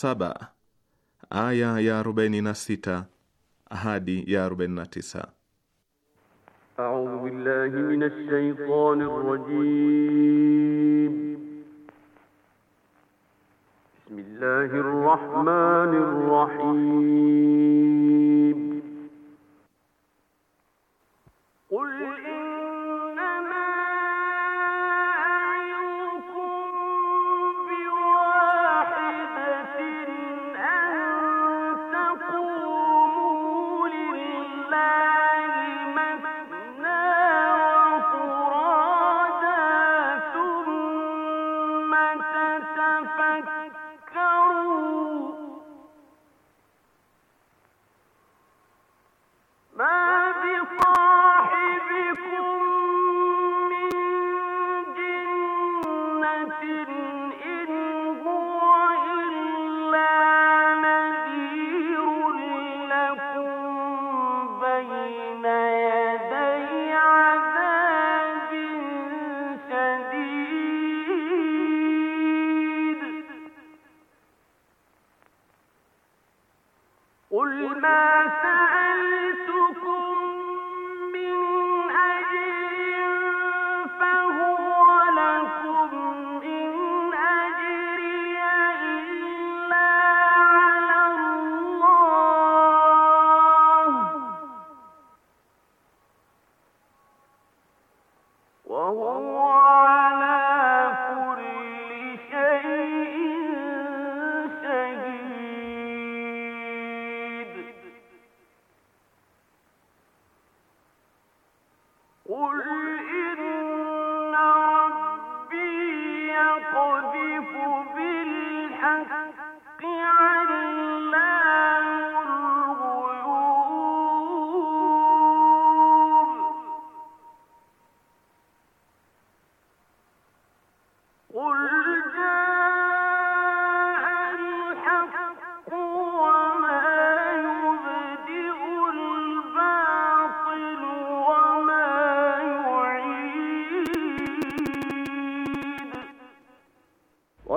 saba aya ya arobaini na sita hadi ya arobaini na tisa. A'udhu billahi minash shaitani rajim. Bismillahir rahmanir rahim. Qul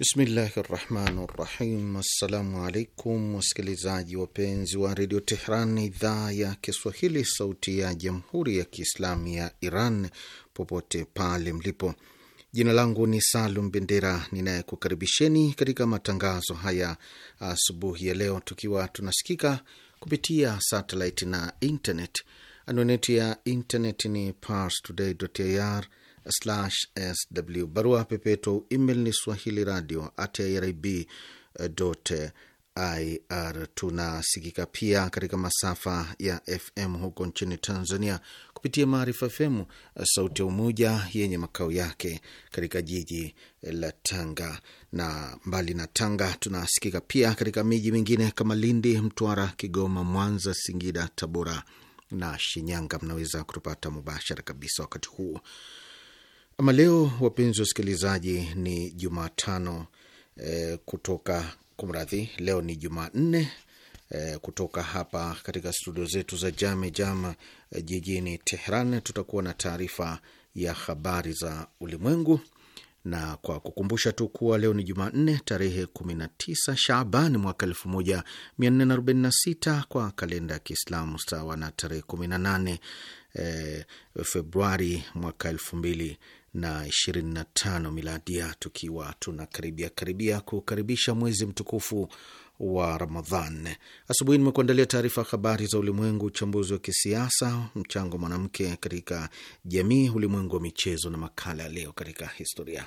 Bismillahi rahmani rahim. Assalamu alaikum wasikilizaji wapenzi wa redio Tehran, idhaa ya Kiswahili, sauti ya jamhuri ya kiislamu ya Iran, popote pale mlipo. Jina langu ni Salum Bendera ninayekukaribisheni katika matangazo haya asubuhi ya leo, tukiwa tunasikika kupitia satellite na internet. Anwani ya internet ni parstoday.ir sw. Barua pepeto email ni swahili radio at irib ir. Tunasikika pia katika masafa ya FM huko nchini Tanzania kupitia Maarifa FM sauti ya Umoja yenye makao yake katika jiji la Tanga, na mbali na Tanga tunasikika pia katika miji mingine kama Lindi, Mtwara, Kigoma, Mwanza, Singida, Tabora na Shinyanga. Mnaweza kutupata mubashara kabisa wakati huu ama leo wapenzi wasikilizaji, ni Jumatano e, kutoka kumradhi, leo ni Jumanne e, kutoka hapa katika studio zetu za Jame Jam eh, jijini Tehran tutakuwa na taarifa ya habari za ulimwengu, na kwa kukumbusha tu kuwa leo ni Jumanne tarehe 19 shaban mwaka 1446 kwa kalenda ya Kiislamu, sawa na tarehe 18 e, Februari mwaka elfu mbili na 25 miladia, tukiwa tunakaribia karibia kukaribisha mwezi mtukufu wa Ramadhan. Asubuhi nimekuandalia taarifa habari za ulimwengu, uchambuzi wa kisiasa, mchango mwanamke katika jamii, ulimwengu wa michezo na makala ya leo katika historia.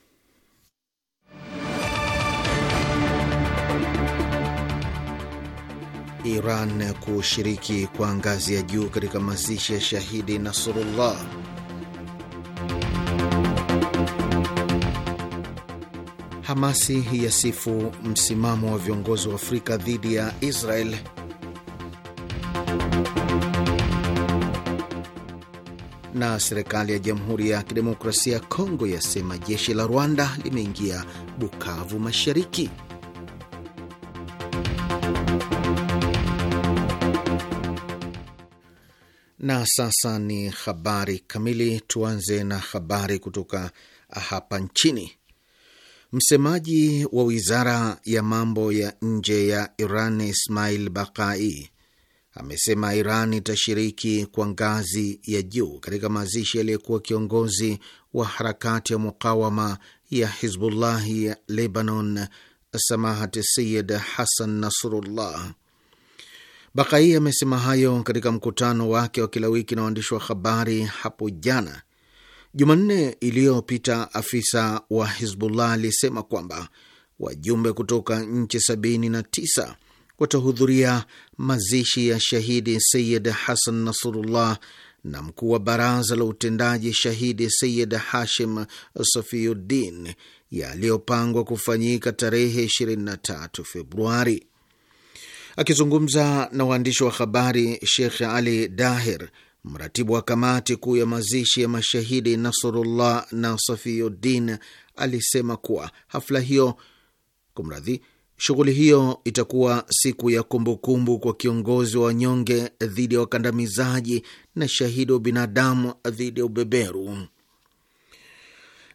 Iran kushiriki kwa ngazi ya juu katika mazishi ya shahidi Nasrullah. Hamasi yasifu msimamo wa viongozi wa Afrika dhidi ya Israel. Na serikali ya Jamhuri ya Kidemokrasia ya Kongo yasema jeshi la Rwanda limeingia Bukavu Mashariki. sasa ni habari kamili. Tuanze na habari kutoka hapa nchini. Msemaji wa wizara ya mambo ya nje ya Iran Ismail Bakai amesema Iran itashiriki kwa ngazi ya juu katika mazishi aliyekuwa kiongozi wa harakati ya mukawama ya Hizbullahi ya Lebanon, Samahat Sayid hasan Nasrullah. Bakai amesema hayo katika mkutano wake wa kila wiki na waandishi wa habari hapo jana Jumanne iliyopita. Afisa wa Hizbullah alisema kwamba wajumbe kutoka nchi sabini na tisa watahudhuria mazishi ya shahidi Sayid Hasan Nasrullah na mkuu wa baraza la utendaji shahidi Sayid Hashim Safiuddin yaliyopangwa kufanyika tarehe 23 Februari. Akizungumza na waandishi wa habari, Sheikh Ali Daher, mratibu wa kamati kuu ya mazishi ya mashahidi Nasrullah na Safiuddin, alisema kuwa hafla hiyo, kumradhi, shughuli hiyo itakuwa siku ya kumbukumbu kwa kiongozi wa wanyonge dhidi ya wakandamizaji na shahidi wa binadamu dhidi ya ubeberu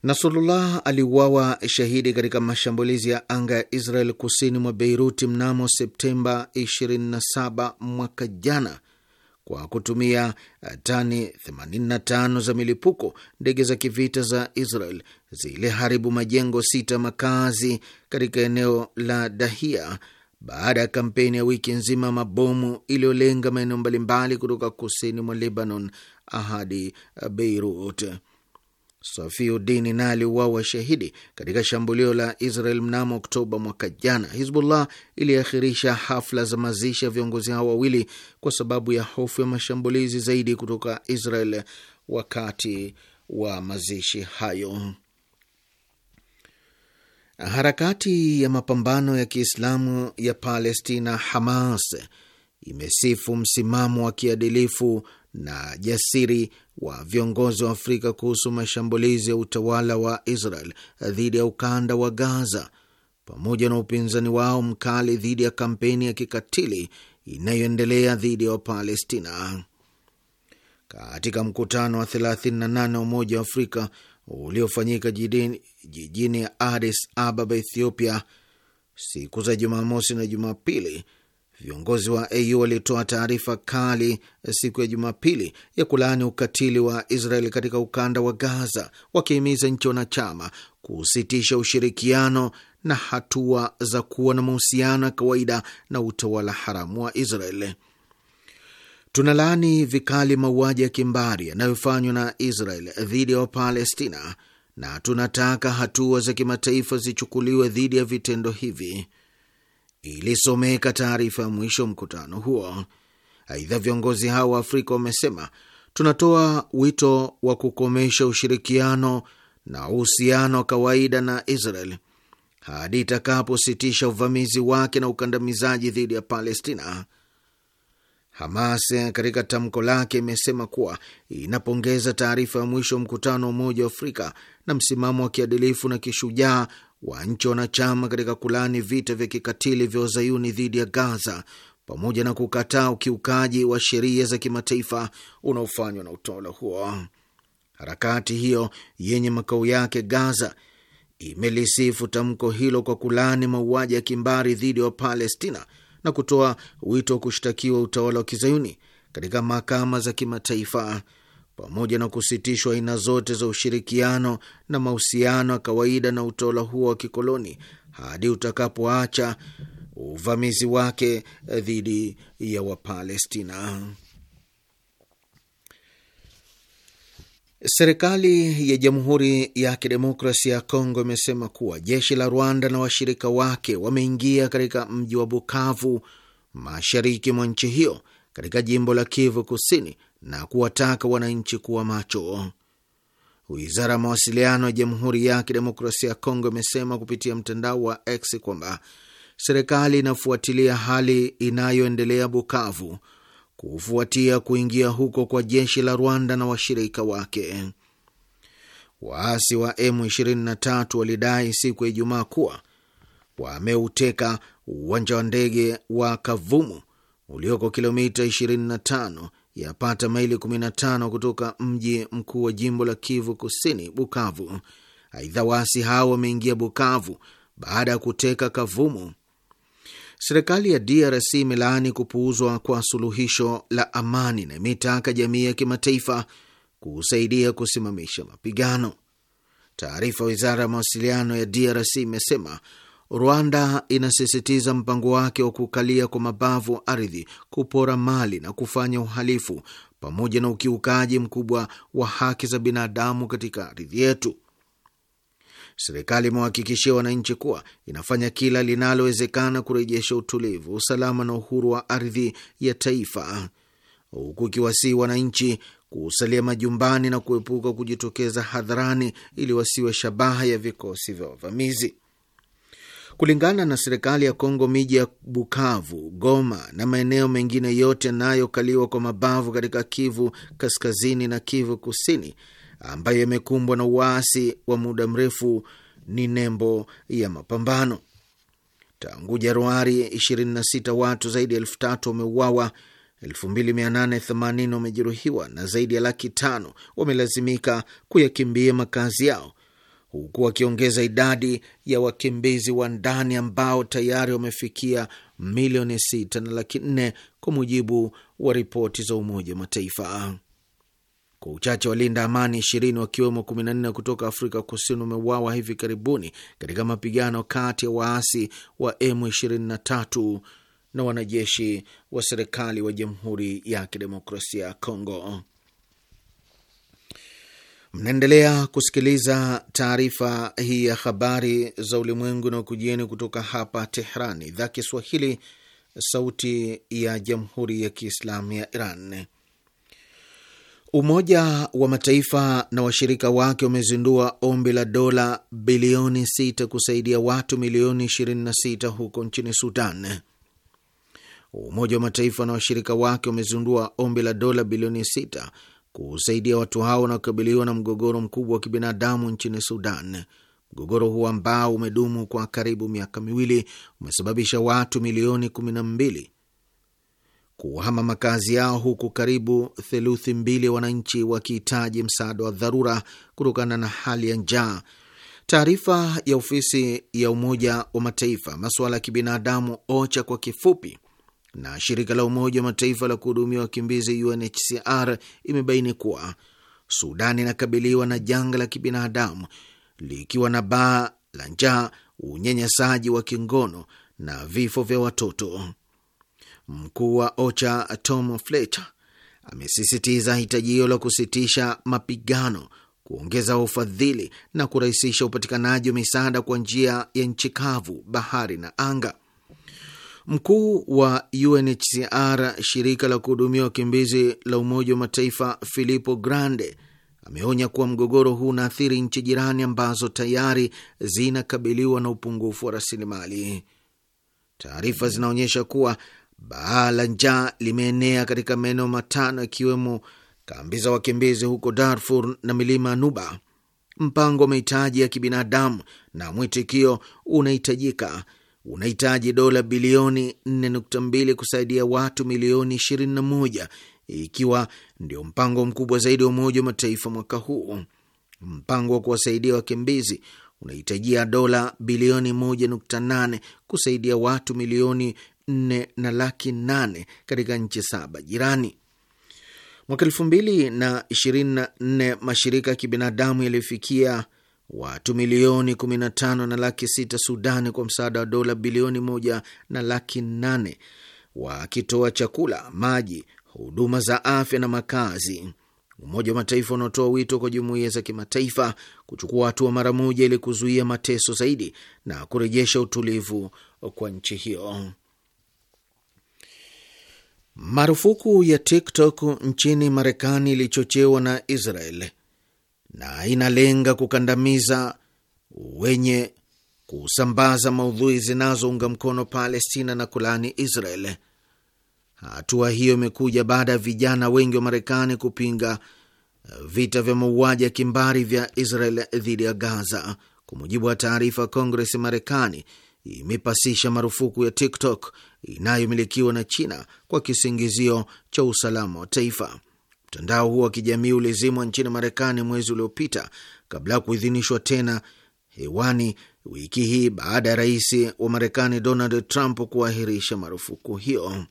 nasulullah aliuawa shahidi katika mashambulizi ya anga ya Israel kusini mwa Beiruti mnamo Septemba 27 mwaka jana kwa kutumia tani 85 za milipuko. Ndege za kivita za Israel ziliharibu majengo sita makazi katika eneo la Dahia baada ya kampeni ya wiki nzima mabomu iliyolenga maeneo mbalimbali kutoka kusini mwa Lebanon hadi Beirut. Safiuddin aliuawa shahidi katika shambulio la Israel mnamo Oktoba mwaka jana. Hizbullah iliakhirisha hafla za mazishi ya viongozi hao wawili kwa sababu ya hofu ya mashambulizi zaidi kutoka Israel wakati wa mazishi hayo. Harakati ya mapambano ya Kiislamu ya Palestina, Hamas, imesifu msimamo wa kiadilifu na jasiri wa viongozi wa Afrika kuhusu mashambulizi ya utawala wa Israel dhidi ya ukanda wa Gaza pamoja na upinzani wao mkali dhidi ya kampeni ya kikatili inayoendelea dhidi ya Wapalestina. Katika mkutano wa 38 wa Umoja wa Afrika uliofanyika jijini, jijini Addis Ababa, Ethiopia, siku za Jumamosi na Jumapili, Viongozi wa AU walitoa taarifa kali siku ya Jumapili ya kulaani ukatili wa Israeli katika ukanda wa Gaza, wakihimiza nchi wanachama kusitisha ushirikiano na hatua za kuwa na mahusiano ya kawaida na utawala haramu wa israel Tunalaani vikali mauaji ya kimbari yanayofanywa na Israel dhidi ya Wapalestina na tunataka hatua za kimataifa zichukuliwe dhidi ya vitendo hivi ilisomeka taarifa ya mwisho mkutano huo. Aidha, viongozi hao wa Afrika wamesema tunatoa wito wa kukomesha ushirikiano na uhusiano wa kawaida na Israel hadi itakapositisha uvamizi wake na ukandamizaji dhidi ya Palestina. Hamas katika tamko lake imesema kuwa inapongeza taarifa ya mwisho mkutano wa Umoja wa Afrika na msimamo wa kiadilifu na kishujaa wa nchi wanachama katika kulani vita vya kikatili vya wazayuni dhidi ya Gaza pamoja na kukataa ukiukaji wa sheria za kimataifa unaofanywa na utawala huo. Harakati hiyo yenye makao yake Gaza imelisifu tamko hilo kwa kulani mauaji ya kimbari dhidi ya Wapalestina na kutoa wito wa kushtakiwa utawala wa kizayuni katika mahakama za kimataifa pamoja na kusitishwa aina zote za ushirikiano na mahusiano ya kawaida na utawala huo wa kikoloni hadi utakapoacha uvamizi wake dhidi ya Wapalestina. Serikali ya Jamhuri ya Kidemokrasia ya Kongo imesema kuwa jeshi la Rwanda na washirika wake wameingia katika mji wa Bukavu, mashariki mwa nchi hiyo katika jimbo la Kivu Kusini na kuwataka wananchi kuwa macho. Wizara ya mawasiliano ya Jamhuri ya Kidemokrasia ya Kongo imesema kupitia mtandao wa X kwamba serikali inafuatilia hali inayoendelea Bukavu kufuatia kuingia huko kwa jeshi la Rwanda na washirika wake. Waasi wa M23 walidai siku ya Ijumaa kuwa wameuteka uwanja wa ndege wa Kavumu ulioko kilomita 25 yapata maili 15 kutoka mji mkuu wa jimbo la Kivu Kusini, Bukavu. Aidha, waasi hao wameingia Bukavu baada ya kuteka Kavumu. Serikali ya DRC imelaani kupuuzwa kwa suluhisho la amani na imetaka jamii ya kimataifa kusaidia kusimamisha mapigano. Taarifa ya wizara ya mawasiliano ya DRC imesema Rwanda inasisitiza mpango wake wa kukalia kwa mabavu ardhi, kupora mali na kufanya uhalifu pamoja na ukiukaji mkubwa wa haki za binadamu katika ardhi yetu. Serikali imewahakikishia wananchi kuwa inafanya kila linalowezekana kurejesha utulivu, usalama na uhuru wa ardhi ya taifa, huku ikiwasii wananchi kusalia majumbani na kuepuka kujitokeza hadharani ili wasiwe shabaha ya vikosi vya wavamizi. Kulingana na serikali ya Kongo, miji ya Bukavu, Goma na maeneo mengine yote yanayokaliwa kwa mabavu katika Kivu Kaskazini na Kivu Kusini, ambayo yamekumbwa na uasi wa muda mrefu, ni nembo ya mapambano. Tangu Januari 26 watu zaidi ya elfu tatu wameuawa, 2880 wamejeruhiwa na zaidi ya laki tano wamelazimika kuyakimbia makazi yao huku wakiongeza idadi ya wakimbizi wa ndani ambao tayari wamefikia milioni sita na laki nne kwa mujibu wa ripoti za Umoja wa Mataifa. Kwa uchache walinda amani ishirini wakiwemo 14 kutoka Afrika Kusini wameuawa hivi karibuni katika mapigano kati ya waasi wa M23 na wanajeshi wa serikali wa Jamhuri ya Kidemokrasia ya Kongo. Mnaendelea kusikiliza taarifa hii ya habari za ulimwengu na ukujieni kutoka hapa Tehran, idhaa Kiswahili, sauti ya jamhuri ya kiislamu ya Iran. Umoja wa Mataifa na washirika wake wamezindua ombi la dola bilioni 6 kusaidia watu milioni 26 huko nchini Sudan. Umoja wa Mataifa na washirika wake wamezindua ombi la dola bilioni kusaidia watu hao wanaokabiliwa na mgogoro mkubwa wa kibinadamu nchini Sudan. Mgogoro huo ambao umedumu kwa karibu miaka miwili umesababisha watu milioni kumi na mbili kuhama makazi yao huku karibu theluthi mbili ya wananchi wakihitaji msaada wa dharura kutokana na hali ya njaa. Taarifa ya ofisi ya Umoja wa Mataifa masuala ya kibinadamu OCHA kwa kifupi na shirika la Umoja wa Mataifa la kuhudumia wakimbizi UNHCR imebaini kuwa Sudani inakabiliwa na janga la kibinadamu likiwa na baa la njaa, unyanyasaji wa kingono na vifo vya watoto. Mkuu wa OCHA Tom Fletcher amesisitiza hitajio la kusitisha mapigano, kuongeza ufadhili na kurahisisha upatikanaji wa misaada kwa njia ya nchi kavu, bahari na anga. Mkuu wa UNHCR, shirika la kuhudumia wakimbizi la Umoja wa Mataifa, Filippo Grande ameonya kuwa mgogoro huu unaathiri nchi jirani ambazo tayari zinakabiliwa na upungufu wa rasilimali. Taarifa zinaonyesha kuwa baa la njaa limeenea katika maeneo matano ikiwemo kambi za wakimbizi huko Darfur na milima ya Nuba. Mpango wa mahitaji ya kibinadamu na mwitikio unahitajika unahitaji dola bilioni 4.2 kusaidia watu milioni 21 ikiwa ndio mpango mkubwa zaidi wa Umoja wa Mataifa mwaka huu. Mpango wa kuwasaidia wakimbizi unahitajia dola bilioni 1.8 kusaidia watu milioni 4 na laki 8 katika nchi saba jirani. Mwaka 2024 mashirika ya kibinadamu yaliyofikia watu milioni 15 na laki 6 Sudani kwa msaada wa dola bilioni moja na laki 8 wakitoa chakula, maji, huduma za afya na makazi. Umoja wa Mataifa unaotoa wito kwa jumuiya za kimataifa kuchukua hatua mara moja ili kuzuia mateso zaidi na kurejesha utulivu kwa nchi hiyo. Marufuku ya TikTok nchini Marekani ilichochewa na Israel na inalenga kukandamiza wenye kusambaza maudhui zinazounga mkono Palestina na kulaani Israel. Hatua hiyo imekuja baada ya vijana wengi wa Marekani kupinga vita vya mauaji ya kimbari vya Israel dhidi ya Gaza. Kwa mujibu wa taarifa ya Kongres ya Marekani, imepasisha marufuku ya TikTok inayomilikiwa na China kwa kisingizio cha usalama wa taifa. Mtandao huo wa kijamii ulizimwa nchini Marekani mwezi uliopita kabla ya kuidhinishwa tena hewani wiki hii baada ya rais wa Marekani Donald Trump kuahirisha marufuku hiyo.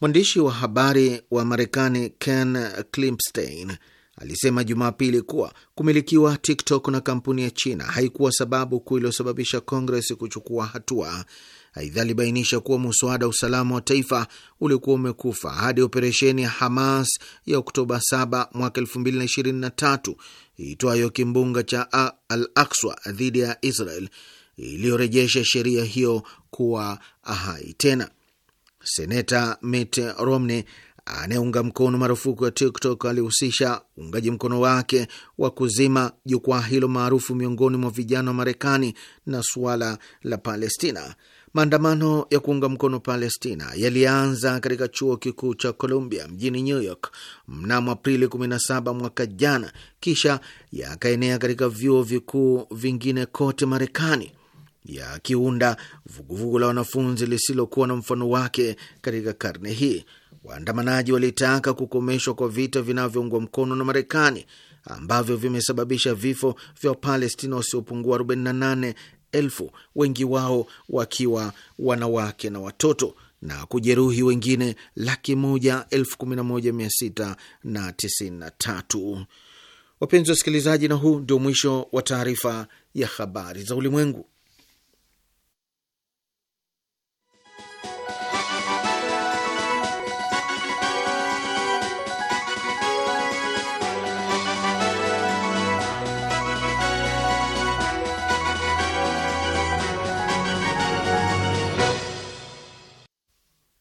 Mwandishi wa habari wa Marekani Ken klimpstein alisema Jumapili kuwa kumilikiwa TikTok na kampuni ya China haikuwa sababu kuu iliyosababisha Kongres kuchukua hatua, Aidha, alibainisha kuwa muswada wa usalama wa taifa uliokuwa umekufa hadi operesheni ya Hamas ya Oktoba 7 mwaka 2023 itwayo kimbunga cha Al Akswa dhidi ya Israel iliyorejesha sheria hiyo kuwa hai tena. Seneta Mitt Romney anayeunga mkono marufuku ya TikTok alihusisha uungaji mkono wake wa kuzima jukwaa hilo maarufu miongoni mwa vijana wa Marekani na suala la Palestina. Maandamano ya kuunga mkono Palestina yalianza katika chuo kikuu cha Columbia mjini New York mnamo Aprili 17 mwaka jana, kisha yakaenea katika vyuo vikuu vingine kote Marekani, yakiunda vuguvugu la wanafunzi lisilokuwa na mfano wake katika karne hii. Waandamanaji walitaka kukomeshwa kwa vita vinavyoungwa mkono na Marekani ambavyo vimesababisha vifo vya Wapalestina wasiopungua 48 elfu, wengi wao wakiwa wanawake na watoto na kujeruhi wengine laki moja elfu kumi na moja mia sita na tisini na tatu. Wapenzi wasikilizaji, na huu ndio mwisho wa taarifa ya habari za ulimwengu.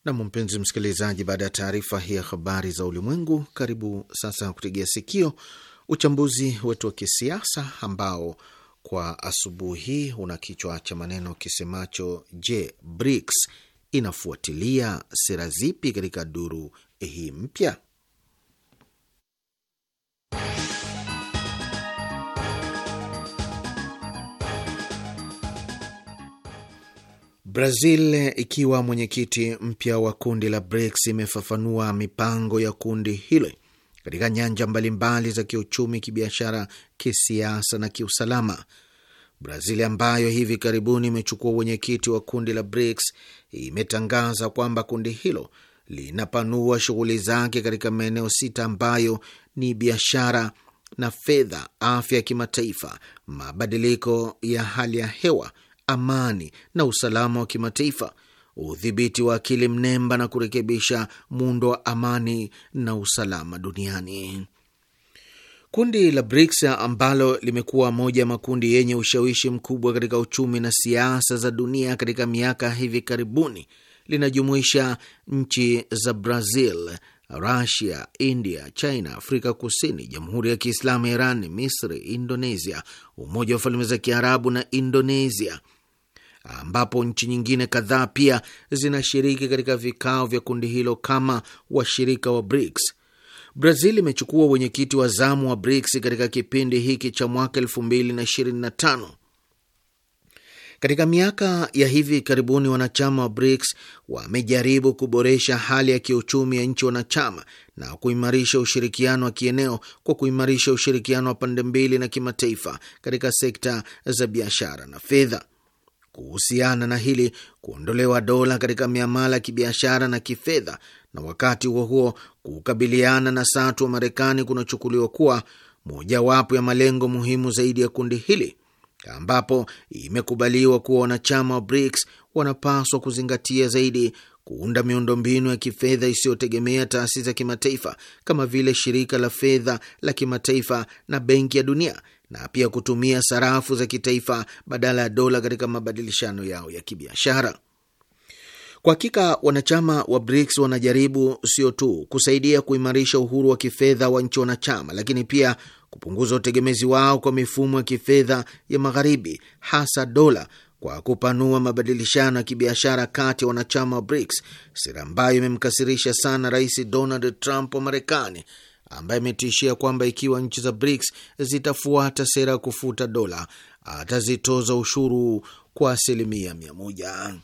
Nam, mpenzi msikilizaji, baada ya taarifa hii ya habari za ulimwengu, karibu sasa kutegea sikio uchambuzi wetu wa kisiasa ambao kwa asubuhi hii una kichwa cha maneno kisemacho: Je, BRICS inafuatilia sera zipi katika duru hii mpya? Brazil ikiwa mwenyekiti mpya wa kundi la BRICS imefafanua mipango ya kundi hilo katika nyanja mbalimbali za kiuchumi, kibiashara, kisiasa na kiusalama. Brazil ambayo hivi karibuni imechukua uwenyekiti wa kundi la BRICS imetangaza kwamba kundi hilo linapanua shughuli zake katika maeneo sita ambayo ni biashara na fedha, afya ya kimataifa, mabadiliko ya hali ya hewa amani na usalama wa kimataifa, udhibiti wa akili mnemba na kurekebisha muundo wa amani na usalama duniani. Kundi la BRICS ambalo limekuwa moja ya makundi yenye ushawishi mkubwa katika uchumi na siasa za dunia katika miaka hivi karibuni linajumuisha nchi za Brazil, rasia India, China, Afrika Kusini, Jamhuri ya Kiislamu Iran, Misri, Indonesia, Umoja wa Falme za Kiarabu na Indonesia ambapo nchi nyingine kadhaa pia zinashiriki katika vikao vya kundi hilo kama washirika wa BRICS. Brazil imechukua wenyekiti wa zamu wa BRICS katika kipindi hiki cha mwaka 2025. Katika miaka ya hivi karibuni wanachama wa BRICS wamejaribu kuboresha hali ya kiuchumi ya nchi wanachama na kuimarisha ushirikiano wa kieneo kwa kuimarisha ushirikiano wa pande mbili na kimataifa katika sekta za biashara na fedha kuhusiana na hili kuondolewa dola katika miamala ya kibiashara na kifedha, na wakati huo huo kukabiliana na satu wa Marekani kunachukuliwa kuwa mojawapo ya malengo muhimu zaidi ya kundi hili, ambapo imekubaliwa kuwa wanachama wa BRICS wanapaswa kuzingatia zaidi kuunda miundombinu ya kifedha isiyotegemea taasisi za kimataifa kama vile shirika la fedha la kimataifa na benki ya dunia na pia kutumia sarafu za kitaifa badala ya dola katika mabadilishano yao ya kibiashara. Kwa hakika wanachama wa BRICS wanajaribu sio tu kusaidia kuimarisha uhuru wa kifedha wa nchi wanachama, lakini pia kupunguza utegemezi wao kwa mifumo ya kifedha ya Magharibi, hasa dola, kwa kupanua mabadilishano ya kibiashara kati ya wanachama wa BRICS, sera ambayo imemkasirisha sana Rais Donald Trump wa Marekani ambaye ametishia kwamba ikiwa nchi za BRICS zitafuata sera ya kufuta dola atazitoza ushuru kwa asilimia mia moja.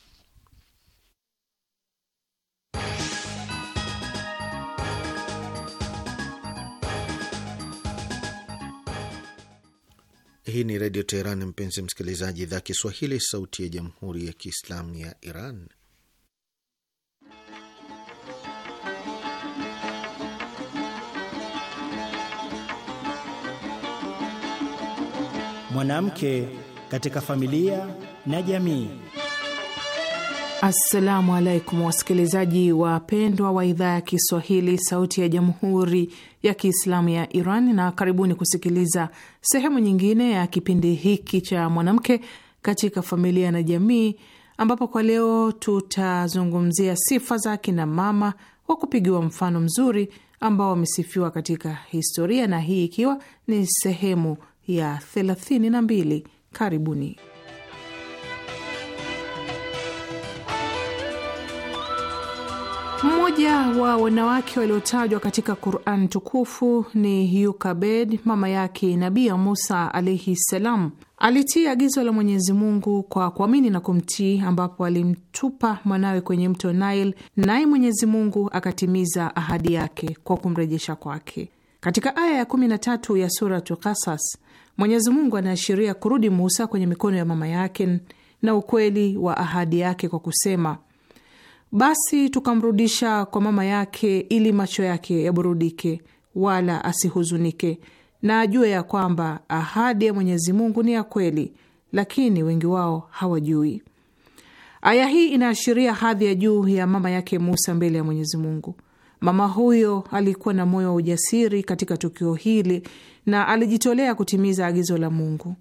Hii ni Redio Teheran, mpenzi msikilizaji, idhaa Kiswahili, sauti ya Jamhuri ya Kiislamu ya Iran. mwanamke katika familia na jamii. Assalamu alaikum wasikilizaji wapendwa wa idhaa ya Kiswahili sauti ya jamhuri ya Kiislamu ya Iran, na karibuni kusikiliza sehemu nyingine ya kipindi hiki cha mwanamke katika familia na jamii, ambapo kwa leo tutazungumzia sifa za kina mama wa kupigiwa mfano mzuri ambao wamesifiwa katika historia, na hii ikiwa ni sehemu ya 32. Karibuni. Mmoja wa wanawake waliotajwa katika Quran tukufu ni Yukabed, mama yake Nabii Musa alaihi ssalam. Alitii agizo la Mwenyezi Mungu kwa kuamini na kumtii, ambapo alimtupa mwanawe kwenye mto Nile, naye Mwenyezi Mungu akatimiza ahadi yake kwa kumrejesha kwake. Katika aya ya 13 ya Suratu Kasas Mwenyezi Mungu anaashiria kurudi Musa kwenye mikono ya mama yake na ukweli wa ahadi yake kwa kusema, basi tukamrudisha kwa mama yake ili macho yake yaburudike wala asihuzunike, na ajue ya kwamba ahadi ya Mwenyezi Mungu ni ya kweli, lakini wengi wao hawajui. Aya hii inaashiria hadhi ya juu ya mama yake Musa mbele ya Mwenyezi Mungu. Mama huyo alikuwa na moyo wa ujasiri katika tukio hili na alijitolea kutimiza agizo la Mungu.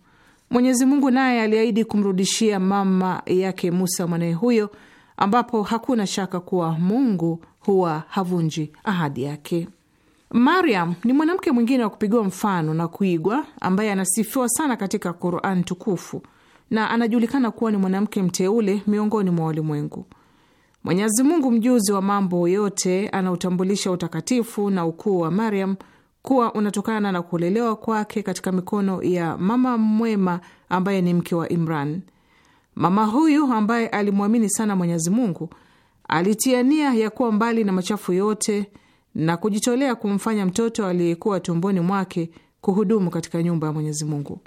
Mwenyezi Mungu naye aliahidi kumrudishia mama yake Musa mwanaye huyo, ambapo hakuna shaka kuwa Mungu huwa havunji ahadi yake. Mariam ni mwanamke mwingine wa kupigiwa mfano na kuigwa ambaye anasifiwa sana katika Quran tukufu na anajulikana kuwa ni mwanamke mteule miongoni mwa walimwengu. Mwenyezi Mungu mjuzi wa mambo yote anautambulisha utakatifu na ukuu wa Mariam kuwa unatokana na kulelewa kwake katika mikono ya mama mwema ambaye ni mke wa Imran. Mama huyu ambaye alimwamini sana Mwenyezi Mungu alitia nia ya kuwa mbali na machafu yote na kujitolea kumfanya mtoto aliyekuwa tumboni mwake kuhudumu katika nyumba ya Mwenyezi Mungu.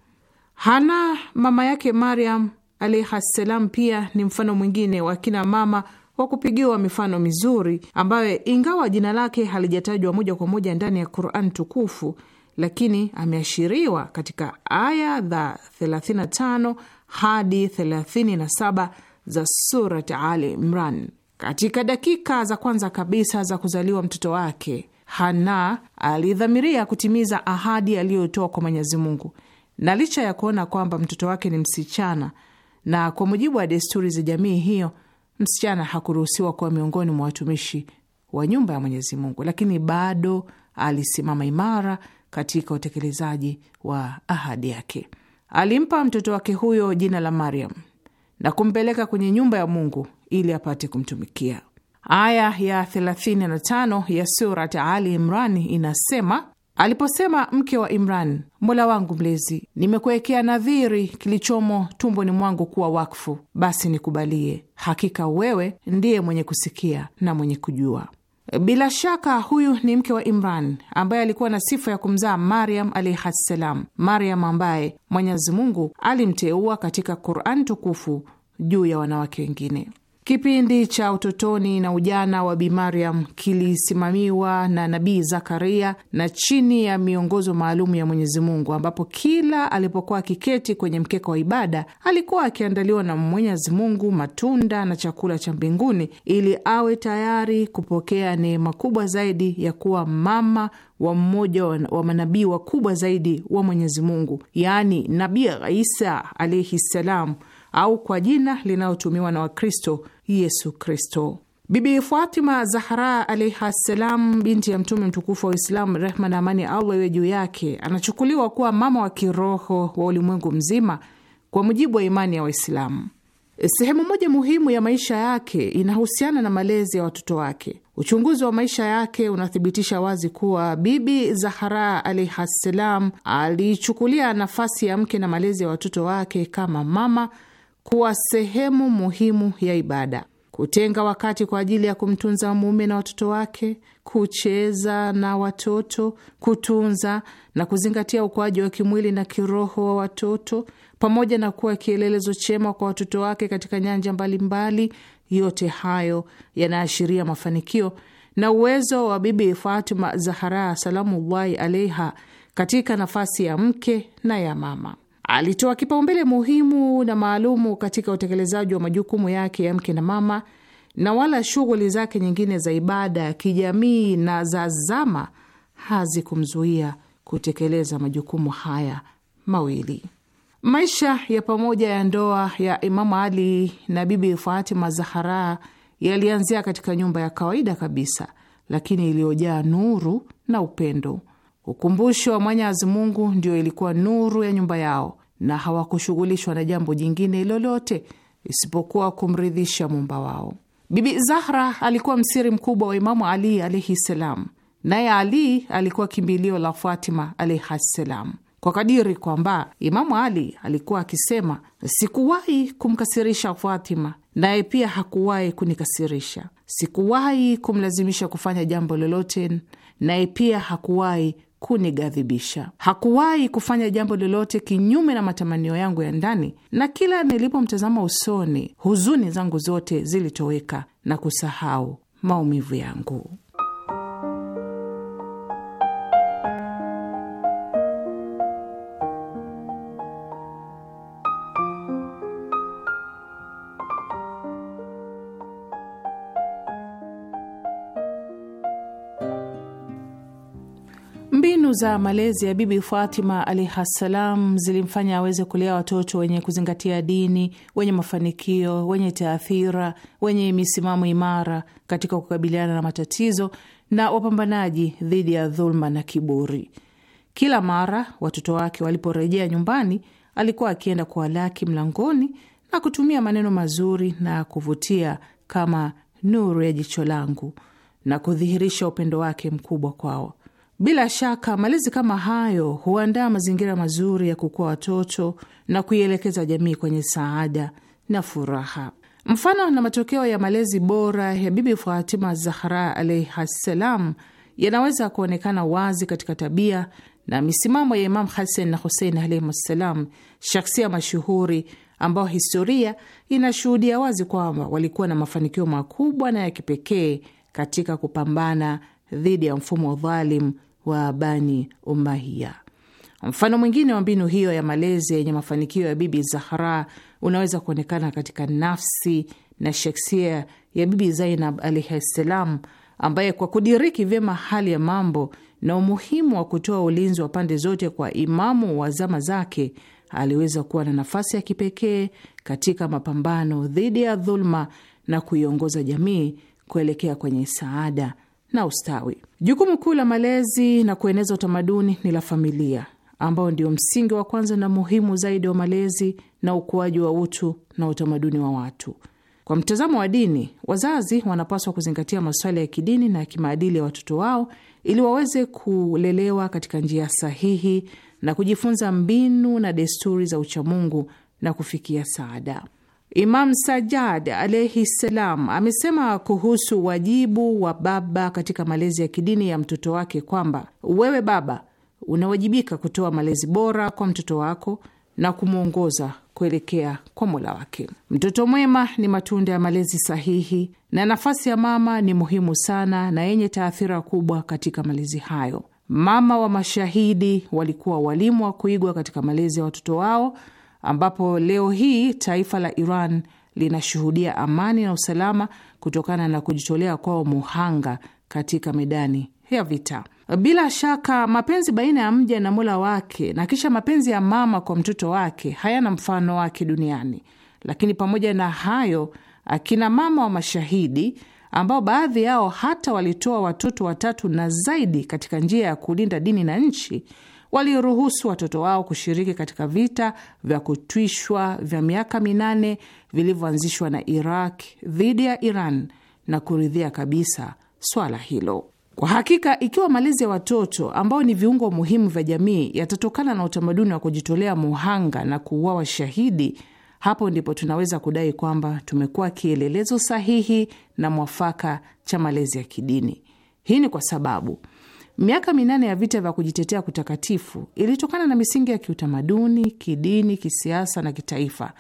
Hana mama yake Mariam alaihi salam pia ni mfano mwingine wa kina mama kwa kupigiwa mifano mizuri ambayo ingawa jina lake halijatajwa moja kwa moja ndani ya Quran tukufu, lakini ameashiriwa katika aya za 35 hadi 37 za Surat Ali Imran. Katika dakika za kwanza kabisa za kuzaliwa mtoto wake, Hana alidhamiria kutimiza ahadi aliyotoa kwa Mwenyezi Mungu, na licha ya kuona kwamba mtoto wake ni msichana, na kwa mujibu wa desturi za jamii hiyo msichana hakuruhusiwa kuwa miongoni mwa watumishi wa nyumba ya Mwenyezi Mungu, lakini bado alisimama imara katika utekelezaji wa ahadi yake. Alimpa mtoto wake huyo jina la Mariam na kumpeleka kwenye nyumba ya Mungu ili apate kumtumikia. Aya ya 35 ya Surat Ali Imrani inasema Aliposema mke wa Imran, Mola wangu mlezi, nimekuwekea nadhiri kilichomo tumboni mwangu kuwa wakfu, basi nikubalie, hakika wewe ndiye mwenye kusikia na mwenye kujua. Bila shaka huyu ni mke wa Imran ambaye alikuwa na sifa ya kumzaa Maryam alaihassalam, Maryam ambaye Mwenyezi Mungu alimteua katika Quran tukufu juu ya wanawake wengine. Kipindi cha utotoni na ujana wa Bi Mariam kilisimamiwa na Nabii Zakaria na chini ya miongozo maalum ya Mwenyezi Mungu, ambapo kila alipokuwa akiketi kwenye mkeka wa ibada alikuwa akiandaliwa na Mwenyezi Mungu matunda na chakula cha mbinguni ili awe tayari kupokea neema kubwa zaidi ya kuwa mama wa mmoja wa manabii wakubwa zaidi wa Mwenyezi Mungu, yaani Nabii Isa alaihi ssalam au kwa jina linalotumiwa na Wakristo, Yesu Kristo. Bibi Fatima Zahra alaihi ssalam, binti ya Mtume mtukufu wa Uislamu, rehma na amani Allah iwe juu yake, anachukuliwa kuwa mama wa kiroho wa ulimwengu mzima kwa mujibu wa imani ya Waislamu. Sehemu moja muhimu ya maisha yake inahusiana na malezi ya watoto wake. Uchunguzi wa maisha yake unathibitisha wazi kuwa Bibi Zahara alaihi ssalam aliichukulia nafasi ya mke na malezi ya watoto wake kama mama kuwa sehemu muhimu ya ibada, kutenga wakati kwa ajili ya kumtunza mume na watoto wake, kucheza na watoto, kutunza na kuzingatia ukuaji wa kimwili na kiroho wa watoto, pamoja na kuwa kielelezo chema kwa watoto wake katika nyanja mbalimbali mbali. Yote hayo yanaashiria mafanikio na uwezo wa Bibi Fatima Zahara salamullahi alaiha katika nafasi ya mke na ya mama. Alitoa kipaumbele muhimu na maalumu katika utekelezaji wa majukumu yake ya mke na mama na wala shughuli zake nyingine za ibada, kijamii na za zama hazikumzuia kutekeleza majukumu haya mawili. Maisha ya pamoja ya ndoa ya Imamu Ali na Bibi Fatima Zahara yalianzia katika nyumba ya kawaida kabisa, lakini iliyojaa nuru na upendo. Ukumbusho wa Mwenyezi Mungu ndio ilikuwa nuru ya nyumba yao na hawakushughulishwa na jambo jingine lolote isipokuwa kumridhisha mumba wao. Bibi Zahra alikuwa msiri mkubwa wa Imamu Ali alaihi ssalam, naye Ali alikuwa kimbilio la Fatima alaihi ssalam, kwa kadiri kwamba Imamu Ali alikuwa akisema, sikuwahi kumkasirisha Fatima, naye pia hakuwahi kunikasirisha. Sikuwahi kumlazimisha kufanya jambo lolote, naye pia hakuwahi kunigadhibisha Hakuwahi kufanya jambo lolote kinyume na matamanio yangu ya ndani, na kila nilipomtazama usoni, huzuni zangu zote zilitoweka na kusahau maumivu yangu. Mbinu za malezi ya Bibi Fatima alaihi ssalam zilimfanya aweze kulea watoto wenye kuzingatia dini, wenye mafanikio, wenye taathira, wenye misimamo imara katika kukabiliana na matatizo na wapambanaji dhidi ya dhuluma na kiburi. Kila mara watoto wake waliporejea nyumbani, alikuwa akienda kuwalaki mlangoni na kutumia maneno mazuri na kuvutia kama nuru ya jicho langu na kudhihirisha upendo wake mkubwa kwao. Bila shaka malezi kama hayo huandaa mazingira mazuri ya kukua watoto na kuielekeza jamii kwenye saada na furaha. Mfano na matokeo ya malezi bora ya Bibi Fatima Zahra alaihissalam yanaweza kuonekana wazi katika tabia na misimamo ya Imam Hasan na Husein alaihimussalam, shaksia mashuhuri ambao historia inashuhudia wazi kwamba walikuwa na mafanikio makubwa na ya kipekee katika kupambana dhidi ya mfumo dhalimu wa Bani Umayya. Mfano mwingine wa mbinu hiyo ya malezi yenye mafanikio ya Bibi Zahra unaweza kuonekana katika nafsi na shaksia ya Bibi Zainab alaihi ssalam, ambaye kwa kudiriki vyema hali ya mambo na umuhimu wa kutoa ulinzi wa pande zote kwa imamu wa zama zake aliweza kuwa na nafasi ya kipekee katika mapambano dhidi ya dhuluma na kuiongoza jamii kuelekea kwenye saada na ustawi. Jukumu kuu la malezi na kueneza utamaduni ni la familia, ambao ndio msingi wa kwanza na muhimu zaidi wa malezi na ukuaji wa utu na utamaduni wa watu. Kwa mtazamo wa dini, wazazi wanapaswa kuzingatia masuala ya kidini na kimaadili ya watoto wao ili waweze kulelewa katika njia sahihi na kujifunza mbinu na desturi za uchamungu na kufikia saada. Imam Sajad alaihi ssalam amesema kuhusu wajibu wa baba katika malezi ya kidini ya mtoto wake kwamba wewe baba unawajibika kutoa malezi bora kwa mtoto wako na kumwongoza kuelekea kwa Mola wake. Mtoto mwema ni matunda ya malezi sahihi, na nafasi ya mama ni muhimu sana na yenye taathira kubwa katika malezi hayo. Mama wa mashahidi walikuwa walimu wa kuigwa katika malezi ya watoto wao ambapo leo hii taifa la Iran linashuhudia amani na usalama kutokana na kujitolea kwao muhanga katika medani ya vita. Bila shaka mapenzi baina ya mja na Mola wake na kisha mapenzi ya mama kwa mtoto wake hayana mfano wake duniani. Lakini pamoja na hayo, akina mama wa mashahidi ambao baadhi yao hata walitoa watoto watatu na zaidi katika njia ya kulinda dini na nchi walioruhusu watoto wao kushiriki katika vita vya kutwishwa vya miaka minane vilivyoanzishwa na Iraq dhidi ya Iran na kuridhia kabisa swala hilo. Kwa hakika, ikiwa malezi ya watoto ambao ni viungo muhimu vya jamii yatatokana na utamaduni wa kujitolea muhanga na kuuawa shahidi, hapo ndipo tunaweza kudai kwamba tumekuwa kielelezo sahihi na mwafaka cha malezi ya kidini. Hii ni kwa sababu Miaka minane ya vita vya kujitetea kutakatifu ilitokana na misingi ya kiutamaduni, kidini, kisiasa na kitaifa,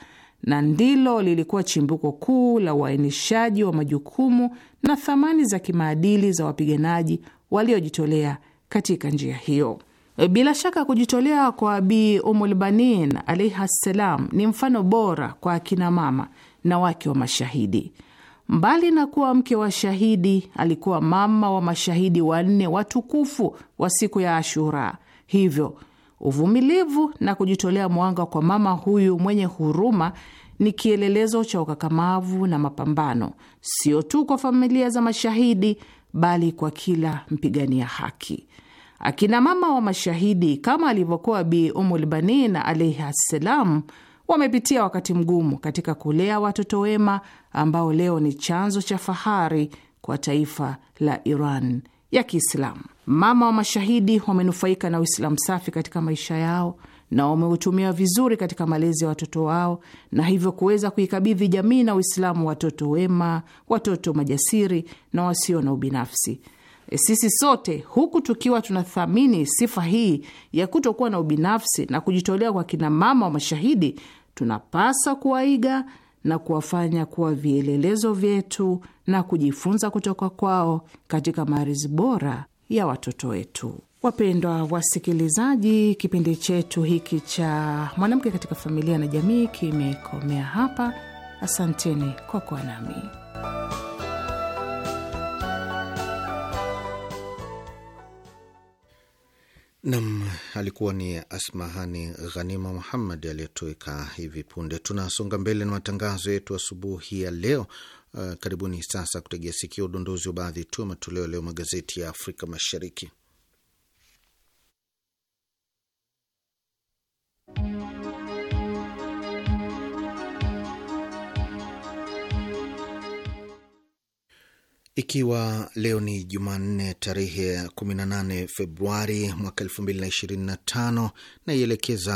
na ndilo lilikuwa chimbuko kuu la uainishaji wa majukumu na thamani za kimaadili za wapiganaji waliojitolea katika njia hiyo. E, bila shaka kujitolea kwa Abi Umulbanin alaihi ssalam ni mfano bora kwa akinamama na wake wa mashahidi. Mbali na kuwa mke wa shahidi, alikuwa mama wa mashahidi wanne watukufu wa siku ya Ashura. Hivyo uvumilivu na kujitolea mwanga kwa mama huyu mwenye huruma ni kielelezo cha ukakamavu na mapambano, sio tu kwa familia za mashahidi, bali kwa kila mpigania haki. Akina mama wa mashahidi kama alivyokuwa Bi Umul Banin alaihi assalam, wamepitia wakati mgumu katika kulea watoto wema ambao leo ni chanzo cha fahari kwa taifa la Iran ya Kiislamu. Mama wa mashahidi wamenufaika na Uislamu safi katika maisha yao na wameutumia vizuri katika malezi ya watoto wao na hivyo kuweza kuikabidhi jamii na Uislamu watoto wema, watoto majasiri na wasio na ubinafsi. E, sisi sote huku tukiwa tunathamini sifa hii ya kutokuwa na ubinafsi na kujitolea kwa kinamama wa mashahidi, tunapasa kuwaiga na kuwafanya kuwa vielelezo vyetu na kujifunza kutoka kwao katika maarizi bora ya watoto wetu. Wapendwa wasikilizaji, kipindi chetu hiki cha mwanamke katika familia na jamii kimekomea hapa. Asanteni kwa kuwa nami. Nam alikuwa ni Asmahani Ghanima Muhammad aliyetoweka hivi punde. Tunasonga mbele na matangazo yetu asubuhi ya leo. Uh, karibuni sasa kutegea sikio udondozi wa baadhi tu ya matoleo leo magazeti ya Afrika Mashariki. Ikiwa leo ni Jumanne tarehe 18 Februari mwaka 2025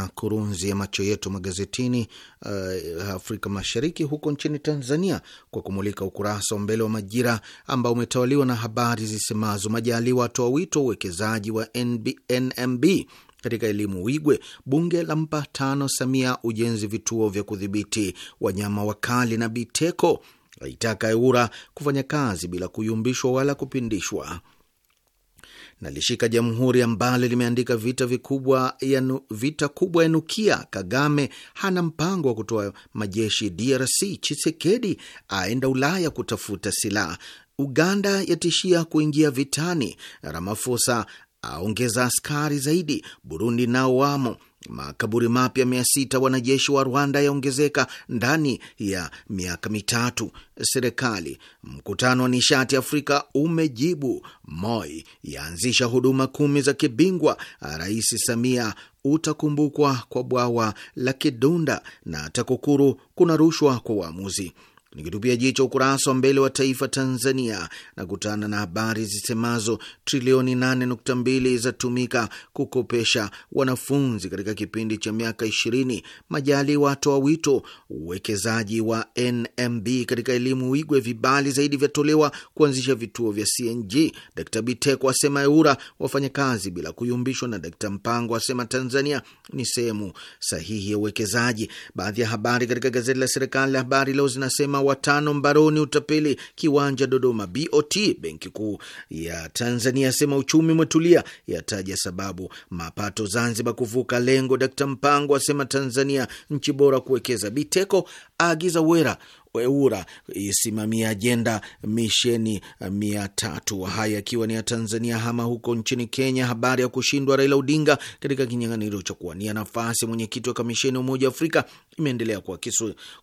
na kurunzi ya macho yetu magazetini uh, Afrika Mashariki, huko nchini Tanzania, kwa kumulika ukurasa wa mbele wa Majira ambao umetawaliwa na habari zisemazo Majaliwa atoa wito uwekezaji wa NMB katika elimu Wigwe, bunge la mpa tano Samia, ujenzi vituo vya kudhibiti wanyama wakali na Biteko aitaka ura kufanya kazi bila kuyumbishwa wala kupindishwa. Nalishika Jamhuri ambalo limeandika vita vikubwa vita kubwa ya nukia. Kagame hana mpango wa kutoa majeshi DRC. Chisekedi aenda Ulaya kutafuta silaha. Uganda yatishia kuingia vitani. ramafosa aongeza askari zaidi. Burundi nao wamo Makaburi mapya mia sita wanajeshi wa Rwanda yaongezeka ndani ya miaka mitatu. Serikali. Mkutano wa nishati Afrika umejibu. Moi yaanzisha huduma kumi za kibingwa. Rais Samia utakumbukwa kwa bwawa la Kidunda, na TAKUKURU kuna rushwa kwa uamuzi. Nikitupia jicho ukurasa wa mbele wa Taifa Tanzania na kutana na habari zisemazo trilioni 8.2 zatumika kukopesha wanafunzi katika kipindi cha miaka 20. majali watoa wito uwekezaji wa NMB katika elimu Wigwe, vibali zaidi vyatolewa kuanzisha vituo vya CNG. Dkt Biteko asema EURA wafanyakazi bila kuyumbishwa, na Dkt Mpango asema Tanzania ni sehemu sahihi ya uwekezaji. Baadhi ya habari katika gazeti la serikali la Habari Leo zinasema watano mbaroni utapeli kiwanja Dodoma. BOT Benki Kuu ya Tanzania asema uchumi umetulia, yataja sababu mapato Zanzibar kuvuka lengo. Dkt Mpango asema Tanzania nchi bora kuwekeza. Biteko aagiza wera weura isimamia ajenda misheni mia tatu. Haya akiwa ni ya Tanzania. Hama huko nchini Kenya, habari ya kushindwa Raila Odinga katika kinyang'anyiro cha kuwania nafasi mwenyekiti wa kamisheni ya Umoja wa Afrika imeendelea